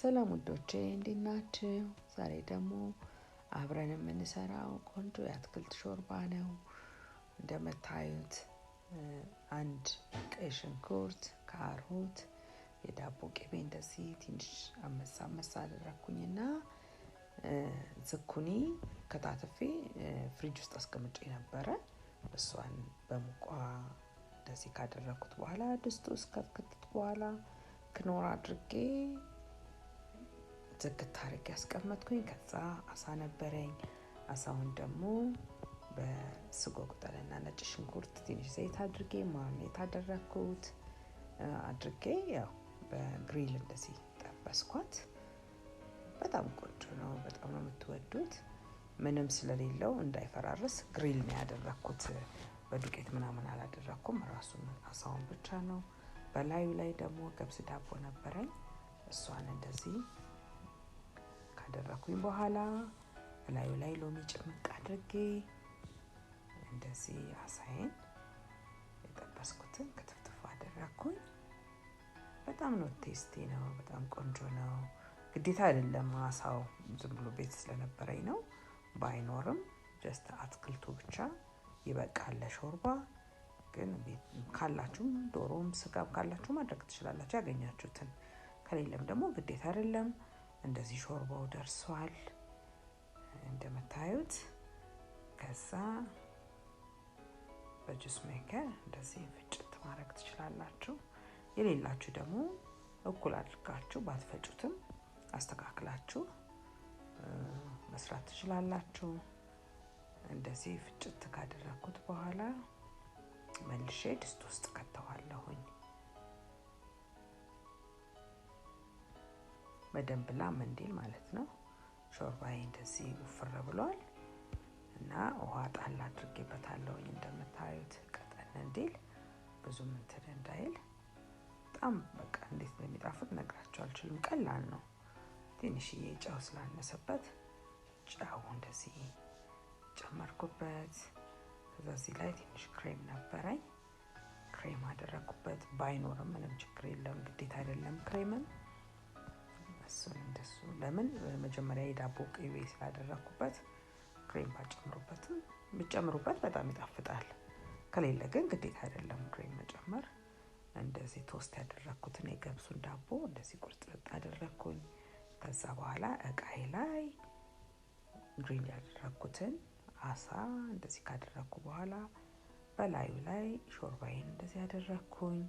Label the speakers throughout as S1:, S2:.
S1: ሰላም ውዶቼ እንዴት ናችሁ? ዛሬ ደግሞ አብረን የምንሰራው ቆንጆ የአትክልት ሾርባ ነው። እንደምታዩት አንድ ቀይ ሽንኩርት፣ ካሮት፣ የዳቦ ቅቤ እንደዚህ ትንሽ አመሳ አመሳ አደረግኩኝና ዝኩኒ ከታትፌ ፍሪጅ ውስጥ አስቀምጬ ነበረ። እሷን በሙቋ እንደዚህ ካደረግኩት በኋላ ድስቱ እስከ ከተትኩት በኋላ ክኖር አድርጌ ዝግት ያስቀመጥኩኝ። ከዛ አሳ ነበረኝ። አሳውን ደግሞ በስጎ ቅጠልና ነጭ ሽንኩርት ትንሽ ዘይት አድርጌ ማርኔት አደረግኩት አድርጌ ያው በግሪል እንደዚህ ጠበስኳት። በጣም ቆንጆ ነው። በጣም ነው የምትወዱት። ምንም ስለሌለው እንዳይፈራርስ ግሪል ነው ያደረግኩት። በዱቄት ምናምን አላደረግኩም። ራሱን አሳውን ብቻ ነው። በላዩ ላይ ደግሞ ገብስ ዳቦ ነበረኝ። እሷን እንደዚህ ካደረኩኝ በኋላ እላዩ ላይ ሎሚ ጭምቅ አድርጌ እንደዚህ አሳይን የጠበስኩትን ክትፍትፍ አደረግኩኝ። በጣም ነው ቴስቲ ነው፣ በጣም ቆንጆ ነው። ግዴታ አይደለም አሳው ዝም ብሎ ቤት ስለነበረኝ ነው። ባይኖርም ጀስት አትክልቱ ብቻ ይበቃል ለሾርባ። ግን ካላችሁም ዶሮም ስጋም ካላችሁ ማድረግ ትችላላችሁ ያገኛችሁትን። ከሌለም ደግሞ ግዴታ አይደለም እንደዚህ ሾርባው ደርሷል እንደምታዩት። ከዛ በጁስ ሜከር እንደዚህ ፍጭት ማድረግ ትችላላችሁ። የሌላችሁ ደግሞ እኩል አድርጋችሁ ባትፈጩትም አስተካክላችሁ መስራት ትችላላችሁ። እንደዚህ ፍጭት ካደረግኩት በኋላ መልሼ ድስት ውስጥ ከተው በደንብ ላም እንዲል ማለት ነው። ሾርባዬ እንደዚህ ውፍር ብሏል እና ውሃ ጣል አድርጌበታለሁኝ እንደምታዩት ቀጠን እንዲል ብዙም እንትን እንዳይል በጣም በቃ እንዴት እንደሚጣፍጥ ነግራቸው አልችልም። ቀላል ነው። ትንሽዬ ጨው ስላነሰበት ጨው እንደዚህ ጨመርኩበት። በዚህ እዚህ ላይ ትንሽ ክሬም ነበረኝ፣ ክሬም አደረግኩበት። ባይኖርም ምንም ችግር የለም፣ ግዴታ አይደለም ክሬምም መሰለኝ እንደሱ። ለምን መጀመሪያ የዳቦ ቅቤ ስላደረግኩበት ክሬም ባጨምሩበትም ብጨምሩበት በጣም ይጣፍጣል። ከሌለ ግን ግዴታ አይደለም ክሬም መጨመር። እንደዚህ ቶስት ያደረግኩትን የገብሱን ዳቦ እንደዚህ ቁርጥርጥ አደረግኩኝ። ከዛ በኋላ እቃይ ላይ ግሪን ያደረግኩትን አሳ እንደዚህ ካደረግኩ በኋላ በላዩ ላይ ሾርባይን እንደዚህ ያደረግኩኝ።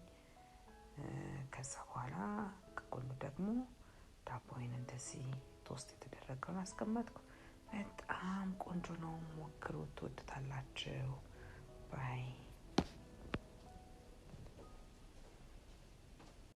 S1: ከዛ በኋላ ከጎኑ ደግሞ ዳቦይን እንደዚህ ቶስት የተደረገውን አስቀመጥኩ። በጣም ቆንጆ ነው፣ ሞክሩት፣ ትወዱታላችሁ።